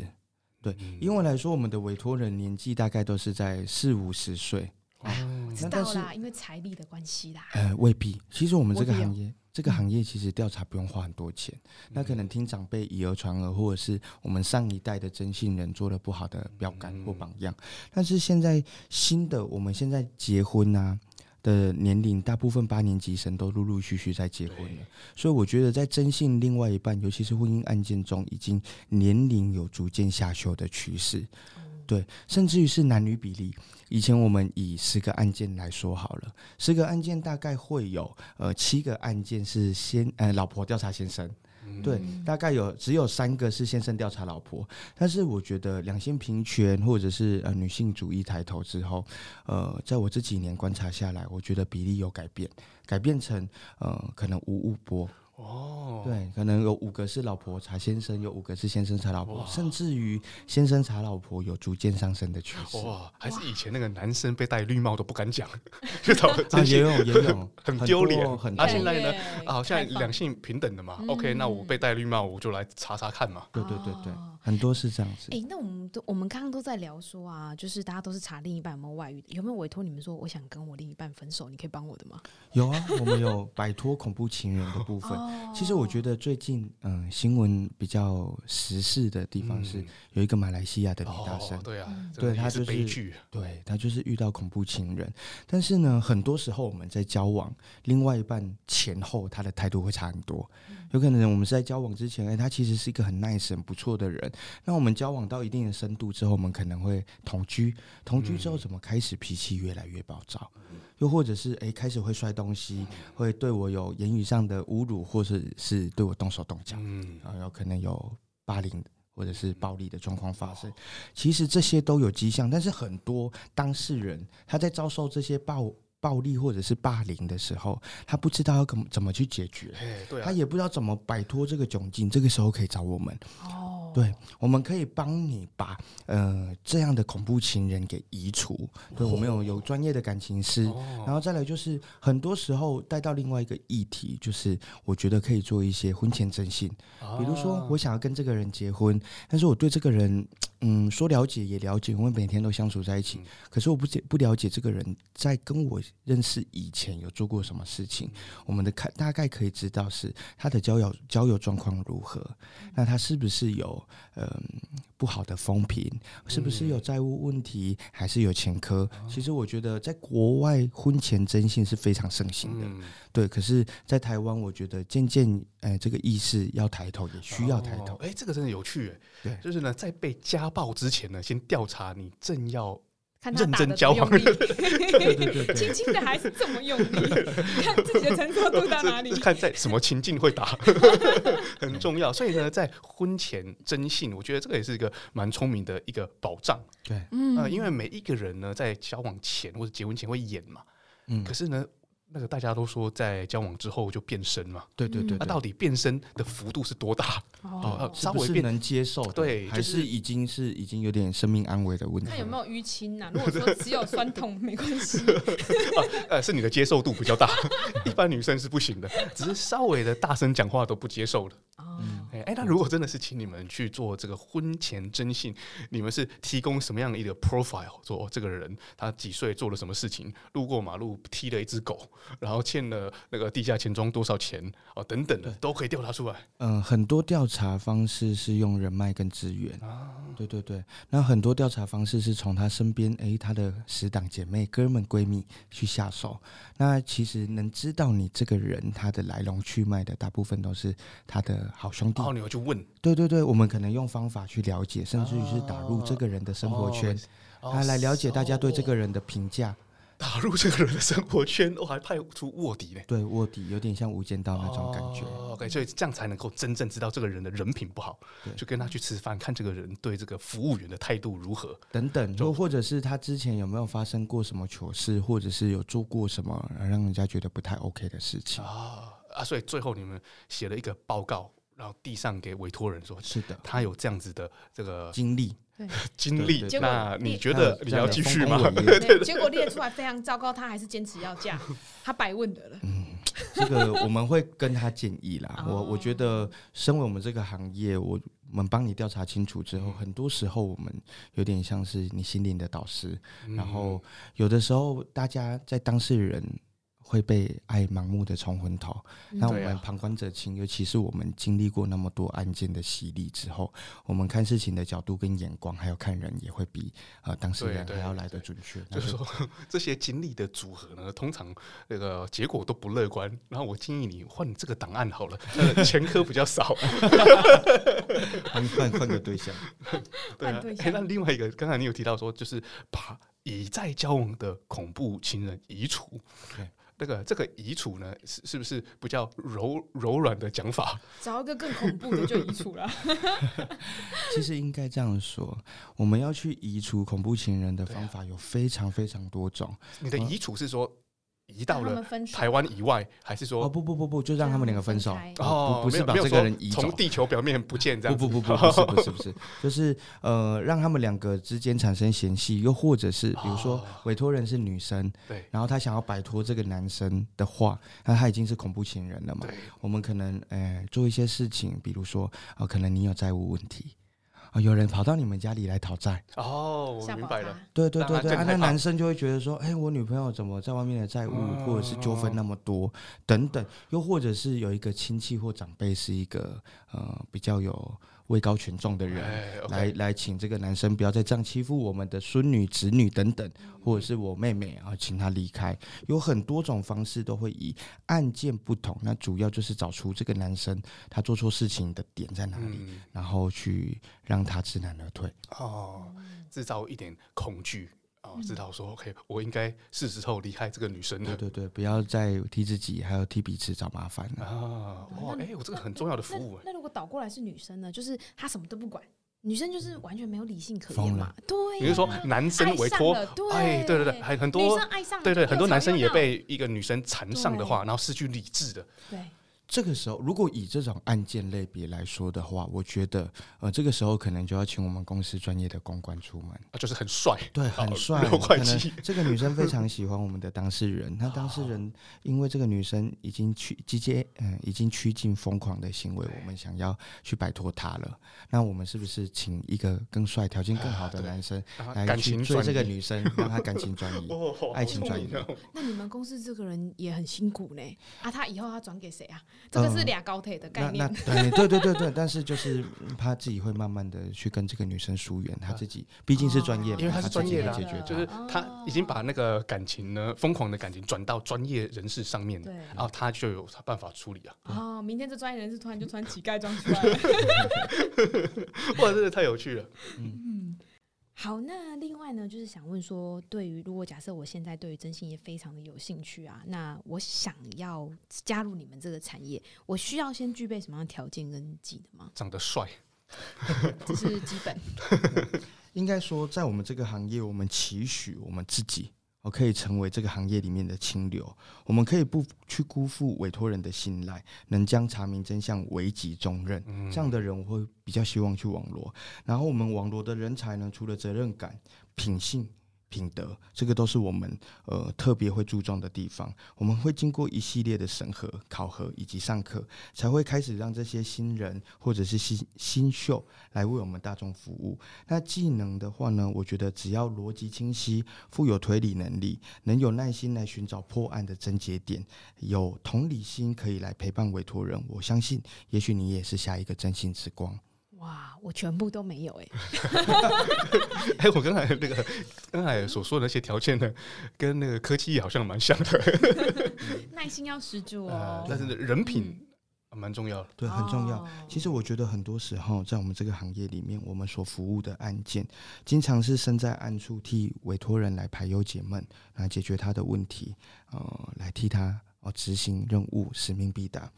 對、嗯、因為來說，我們的委託人年紀大概都是在四五十歲。哦知道啦，因為財力的關係啦。呃，未必。其實我們這個行業，這個行業其實調查不用花很多錢。嗯、那可能聽長輩以訛傳訛，或者是我們上一代的徵信人做了不好的標杆或榜樣。嗯、但是現在新的，我們現在結婚啊的年齡，大部分八年級生都陸陸續續在結婚了。對所以我覺得，在徵信另外一半，尤其是婚姻案件中，已經年齡有逐漸下修的趨勢。嗯、對，甚至於是男女比例。以前我們以十個案件來說好了，十個案件大概會有呃七個案件是先呃老婆調查先生，嗯、對，大概有只有三個是先生調查老婆。但是我覺得兩性平權或者是呃女性主義抬頭之後，呃，在我這幾年觀察下來，我覺得比例有改變，改變成呃可能五五波。哦，oh. 對，可能有五個是老婆查先生，有五個是先生查老婆，oh. 甚至於先生查老婆有逐漸上升的趨勢。哇，oh, 還是以前那個男生被戴綠帽都不敢講，oh. 就找、啊、也也 很丟臉臉。很 Okay.、啊、現在呢？好像兩性平等的嘛。棒 OK，那我被戴綠帽，我就來查查看嘛。Oh. 對對對對。很多是這樣子。哎、欸，那我們都我們剛剛都在聊說啊,就是大家都是查另一半有沒有外遇,有沒有委托你們說，我想跟我另一半分手,你可以幫我的嗎？有啊, 我們有擺脫恐怖情人的部分。哦、其實我覺得最近嗯新聞比較時事的地方是，嗯、有一個馬來西亞的女大生，哦,對啊,嗯、對他就是，也是悲劇。對他就是遇到恐怖情人。但是呢,很多時候我們在交往另外一半前後,他的態度會差很多。有可能我們是在交往之前,哎、欸,他其實是一個很 nice、很不錯的人。那我們交往到一定的深度之後，我們可能會同居。同居之後，怎麼開始脾氣越來越暴躁？又、嗯、或者是哎、欸，開始會摔東西，會對我有言語上的侮辱，或者是對我動手動腳？嗯，然後可能有霸凌，或者是暴力的狀況發生。哦、其實這些都有跡象，但是很多當事人他在遭受這些暴暴力或者是霸凌的時候，他不知道要怎麼怎麼去解決。哎，對、啊，他也不知道怎麼擺脫這個窘境。這個時候可以找我們哦。對，我們可以幫你把呃這樣的恐怖情人給移除。哦、對，我們有有專業的感情師，哦、然後再來就是很多時候帶到另外一個議題，就是我覺得可以做一些婚前徵信，哦、比如說我想要跟這個人結婚，但是我對這個人。嗯，說了解也了解，我們每天都相處在一起。可是我不解不了解這個人在跟我認識以前有做過什麼事情。我們的看大概可以知道是他的交友交友狀況如何，那他是不是有嗯？不好的風評，是不是有債務問題，嗯、還是有前科？哦、其實我覺得，在國外婚前徵信是非常盛行的，嗯、對。可是，在台灣，我覺得漸漸，誒、呃，這個意識要抬頭，也需要抬頭。哎、哦欸，這個真的有趣，誒，對，就是呢，在被家暴之前呢，先調查你正要。認真交往，輕輕的還是這麼用力，看自己的承受度到哪裡， 看在什麼情境會打， 很重要。所以呢，在婚前徵信，我覺得這個也是一個蠻聰明的一個保障。對，呃，因為每一個人呢，在交往前或者結婚前會演嘛，可是呢。那個大家都說在交往之後就變身嘛？對，對對對，那、嗯啊、到底變身的幅度是多大？哦、啊，稍微變是是能接受，對，就是、還是已經是已經有點生命安危的問題？那有沒有淤青啊？如果說只有酸痛 沒關係？呃、啊，是你的接受度比較大， 一般女生是不行的，只是稍微的大聲講話都不接受的。哦、嗯，哎、欸欸，那如果真的是請你們去做這個婚前徵信，你們是提供什麼樣一個 profile？說、哦、這個人他幾歲做了什麼事情？路過馬路踢了一只狗？然後欠了那個地下錢莊多少錢啊、哦？等等的對都可以調查出來。嗯、呃，很多調查方式是用人脈跟資源啊。對對對，那很多調查方式是從他身邊，誒，他的死黨、姐妹、哥們、閨蜜去下手。那其實能知道你這個人他的來龍去脈的，大部分都是他的好兄弟。然後、啊、你要去問？對對對，我們可能用方法去了解，甚至於是打入這個人的生活圈，他、啊哦啊、來了解大家對這個人的評價。哦哦打入這個人的生活圈，我還派出臥底嘞、欸。對，臥底有點像《無間道》那種感覺。Oh, OK，所以這樣才能夠真正知道這個人的人品不好，對就跟他去吃飯，看這個人對這個服務員的態度如何等等。就又或者是他之前有沒有發生過什麼糗事，或者是有做過什麼讓人家覺得不太 OK 的事情啊？Oh, 啊，所以最後你們寫了一個報告，然後遞上給委託人說，說是的，他有這樣子的這個經歷。經歷，那你覺得你要繼續嗎？結果列出來非常糟糕，他還是堅持要嫁，他白問的了。嗯，這個我們會跟他建議啦。 我我覺得，身為我們這個行業，我，我們幫你調查清楚之後，很多時候我們有點像是你心靈的導師。然後，有的時候大家在當事人。會被愛盲目的沖昏頭。那我們旁觀者清，尤其是我們經歷過那麼多案件的洗禮之後，我們看事情的角度跟眼光，還有看人，也會比呃當事人還要來得準確就。就是說，這些經歷的組合呢，通常那個結果都不樂觀。然後我建議你換這個檔案好了， 前科比較少。換換換個對象。 對啊，對對啊、欸，那另外一個，剛才你有提到說，就是把已在交往的恐怖情人移除。Okay. 這個這個移除呢，是是不是比較柔柔軟的講法？找一個更恐怖的就移除了？其實應該這樣說，我們要去移除恐怖情人的方法有非常非常多種。啊、你的移除是說？移到了台灣以外，還是說、哦、不不不不，就讓他們兩個分手？分哦不，不是把這個人移走，從地球表面不見這樣？不不不不，不是不是不，不，不，不、 就是，就是呃，讓他們兩個之間產生嫌隙，又或者是比如說，委託人是女生，對、哦，然後她想要擺脫這個男生的話，對那他已經是恐怖情人了嘛？對，我們可能呃做一些事情，比如說哦、呃，可能你有債務問題。啊、哦，有人跑到你們家裡來討債哦，我明白了。對對對對、啊，那男生就會覺得說，哎、欸，我女朋友怎麼在外面的債務、嗯、或者是糾紛那麼多、嗯、等等，又或者是有一個親戚或長輩是一個呃比較有，位高權重的人來、哎 okay、來，來請這個男生不要再這樣欺負我們的孫女、侄女等等，或者是我妹妹啊，請她離開。有很多種方式，都會以案件不同，那主要就是找出這個男生他做錯事情的點在哪裡，嗯、然後去讓他知難而退，哦，製造一點恐懼。知道說 OK，我應該是時候離開這個女生了。對對對，不要再替自己還有替彼此找麻煩了啊。哎，我這個很重要的服務。那如果倒過來是女生呢？就是她什麼都不管，女生就是完全沒有理性可言嘛？對。比如說，男生委托，對對對，很多。女生愛上，對對，很多男生也被一個女生纏上的話，然後失去理智的。對。這個時候，如果以這種案件類別來說的話，我覺得，呃，這個時候可能就要請我們公司專業的公關出門，啊，就是很帥，對，很帥。很帥氣，可能 這個女生非常喜歡我們的當事人，那 當事人因為這個女生已經趨接嗯，已經趨近瘋狂的行為，對我們想要去擺脫她了。那我們是不是請一個更帥、條件更好的男生來去追這個女生，讓她感情轉移， 哦、愛情轉移？哦哦、那你們公司這個人也很辛苦呢，啊，他以後要轉給誰啊？這個是倆高鐵的概念、呃。對對對對，對 但是就是他自己會慢慢的去跟這個女生疏遠，啊、他自己畢竟是專業嘛，因為他是專業的，他解決，就是他已經把那個感情呢，瘋狂的感情轉到專業人士上面了，然後對、哦、他就有辦法處理了。嗯、哦，明天這專業人士突然就穿乞丐裝出來 哇，真的太有趣了。嗯。嗯好，那另外呢，就是想問說，對於如果假設我現在對於徵信業非常的有興趣啊，那我想要加入你們這個產業，我需要先具備什麼樣的條件跟技能嗎？長得帥， 這是基本。 應該說，在我們這個行業，我們期許我們自己。我可以成為這個行業裡面的清流，我們可以不去辜負委托人的信賴，能將查明真相為己重任，這樣的人我會比較希望去網羅。然後我們網羅的人才呢，除了責任感、品性。品德，這個都是我們呃特別會注重的地方。我們會經過一系列的審核、考核以及上課，才會開始讓這些新人或者是新新秀來為我們大眾服務。那技能的話呢，我覺得只要邏輯清晰、富有推理能力、能有耐心來尋找破案的症結點、有同理心可以來陪伴委托人，我相信，也許你也是下一個真心之光。哇，我全部都沒有哎、欸！哎， 我剛才那個剛才所說的那些條件呢，跟那個科技好像蠻像的。 耐心要十足哦，但、呃就是人品蠻、嗯啊、重要的，對，很重要。哦、其實我覺得很多時候在我們這個行業裡面，我們所服務的案件，經常是身在暗處替委托人來排憂解悶，來解決他的問題，呃，來替他。哦，執行任務，使命必達。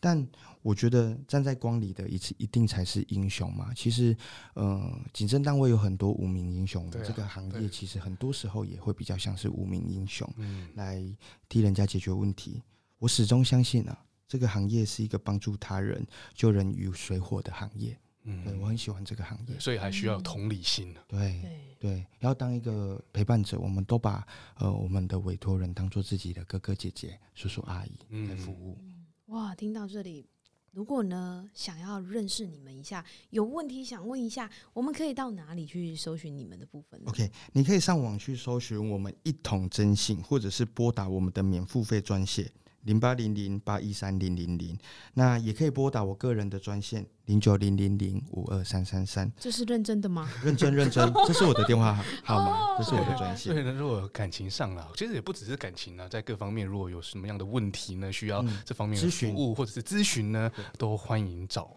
但我覺得站在光裡的一次一定才是英雄嘛。其實，呃，警政單位有很多無名英雄，啊、這個行業其實很多時候也會比較像是無名英雄，對來替人家解決問題。嗯、我始終相信啊，這個行業是一個幫助他人、救人於水火的行業。嗯對，我很喜歡這個行業，所以還需要同理心、啊嗯、對對，要當一個陪伴者，我們都把呃我們的委託人當做自己的哥哥姐姐、叔叔阿姨來服務，嗯嗯。哇，聽到這裡，如果呢想要認識你們一下，有問題想問一下，我們可以到哪裡去搜尋你們的部分呢？OK，你可以上網去搜尋我們一同徵信，或者是撥打我們的免付費專線。零八零零八一三零零零，000, 那也可以撥打我個人的專線零九零零零五二三三三。這是認真的嗎？認真認真，認真 這是我的電話號碼，哦、這是我的專線。所以呢，如果感情上了，其實也不只是感情呢，在各方面如果有什麼樣的問題呢，需要這方面服務或者是諮詢呢，嗯、詢都歡迎找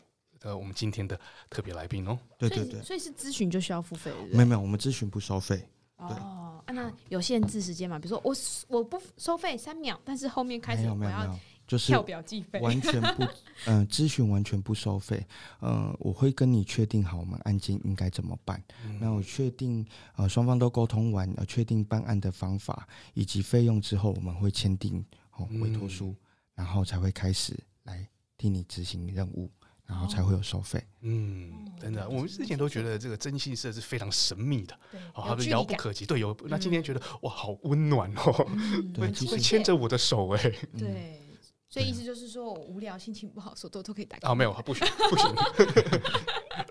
呃我們今天的特別來賓哦。對對對所，所以是諮詢就需要付費？沒有沒有，我們諮詢不收費。對，哦、啊，那有限制時間嗎？比如說我我不收費三秒，但是後面開始我要跳表計費，就是、完全不嗯，諮詢完全不收費，嗯、呃、我會跟你確定好我們案件應該怎麼辦，嗯、那我確定呃雙方都溝通完，呃確定辦案的方法以及費用之後，我們會簽訂哦委託書，嗯、然後才會開始來替你執行任務。然後才會有收費。嗯，真的，我們之前都覺得這個徵信社是非常神秘的，的遙不可及。對有。那今天覺得哇，好溫暖哦，對，你會牽着我的手哎。對，所以意思就是說我無聊、心情不好，時候都都可以打給你。啊，沒有，不行不行。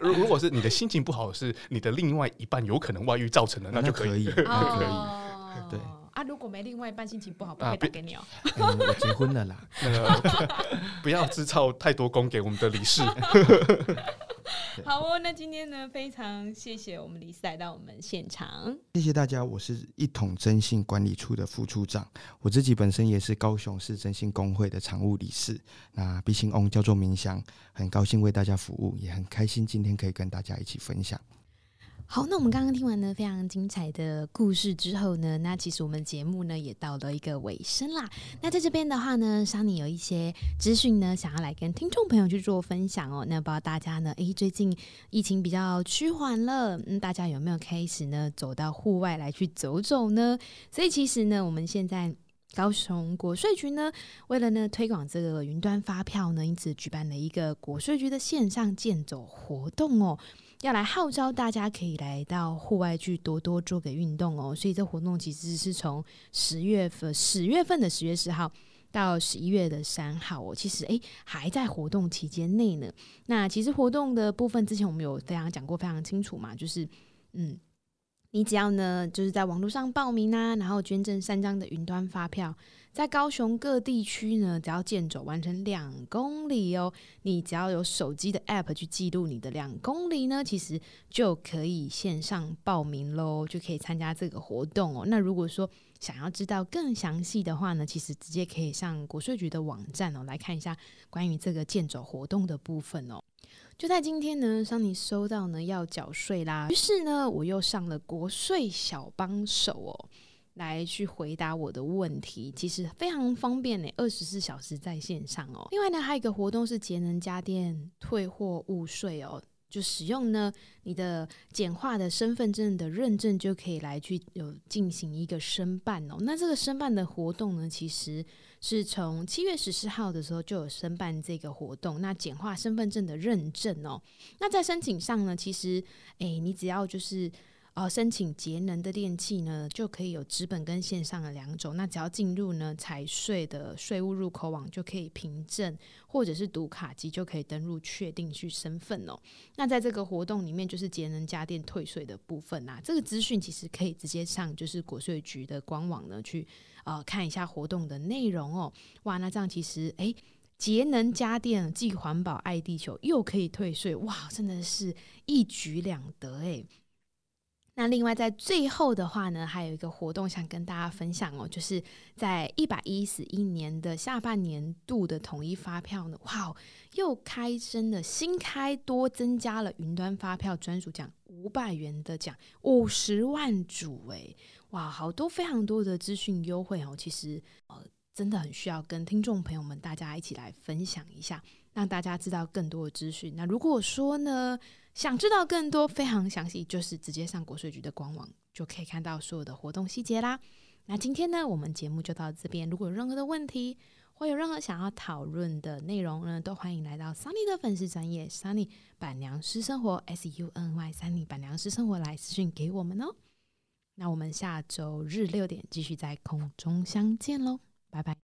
如如果是你的心情不好，是你的另外一半有可能外遇造成的，那就可以，可以，對。啊，如果沒另外一半心情不好，啊、不會打給你哦、喔嗯。我結婚了啦， 不要制造太多工給我們的理事。好哦，那今天呢，非常謝謝我們理事來到我們現場，謝謝大家。我是一統徵信管理處的副處長，我自己本身也是高雄市徵信公會的常務理事。那敝姓翁叫做明祥，很高興為大家服務，也很開心今天可以跟大家一起分享。好，那我們剛剛聽完呢，非常精彩的故事之後呢，那其實我們節目呢也到了一個尾聲啦。那在這邊的話呢，桑尼有一些資訊呢，想要來跟聽眾朋友去做分享哦、喔。那不知道大家呢，哎、欸，最近疫情比較趨緩了，嗯，大家有沒有開始呢，走到戶外來去走走呢？所以其實呢，我們現在高雄國稅局呢，為了呢推廣這個雲端發票呢，因此舉辦了一個國稅局的線上健走活動哦、喔。要來號召大家可以來到戶外去多多做個運動哦，所以這活動其實是從十月份十月份的十月十號到十一月的三號哦，其實誒還在活動期間內呢。那其實活動的部分之前我們有非常講過非常清楚嘛，就是嗯，你只要呢就是在網絡上報名啊，然後捐贈三張的雲端發票。在高雄各地區呢，只要健走完成兩公里哦，你只要有手機的 App 去記錄你的兩公里呢，其實就可以線上報名嘍，就可以參加這個活動哦。那如果說想要知道更詳細的話呢，其實直接可以上國稅局的網站哦，來看一下關於這個健走活動的部分哦。就在今天呢，當你收到呢要繳稅啦，於是呢，我又上了國稅小幫手哦。來去回答我的問題，其實非常方便嘞，二十四小時在線上哦。另外呢，還有一個活動是節能家電退貨物稅哦，就使用呢你的簡化的身份證的認證就可以來去有進行一個申辦哦。那這個申辦的活動呢，其實是從七月十四號的時候就有申辦這個活動。那簡化身份證的認證哦，那在申請上呢，其實哎，你只要就是。哦、申請節能的電器呢，就可以有紙本跟線上的兩種。那只要進入呢，財稅的稅務入口網，就可以憑證或者是讀卡機就可以登入，確定去身份哦。那在這個活動裡面，就是節能家電退稅的部分啦，啊。這個資訊其實可以直接上就是國稅局的官網呢，去，呃、看一下活動的內容哦。哇，那這樣其實哎，欸、節能家電既環保愛地球，又可以退稅，哇，真的是一舉兩得哎，欸。那另外，在最後的話呢，還有一個活動想跟大家分享哦，就是在一百一十一年的下半年度的統一發票呢，哇，又開升了，新開多增加了雲端發票專屬獎，五百元的獎，五十萬組、欸。誒，哇，好多非常多的資訊優惠哦，其實呃真的很需要跟聽眾朋友們大家一起來分享一下，讓大家知道更多的資訊。那如果說呢，想知道更多非常詳細，就是直接上國稅局的官網就可以看到所有的活動細節啦。那今天呢，我們節目就到這邊。如果有任何的問題，或有任何想要討論的內容呢，都歡迎來到 Sunny 的粉絲專頁 Sunny 板娘私生活、S U N Y，Sunny 板娘私生活來私訊給我們哦。那我們下週日六點繼續在空中相見嘍，拜拜。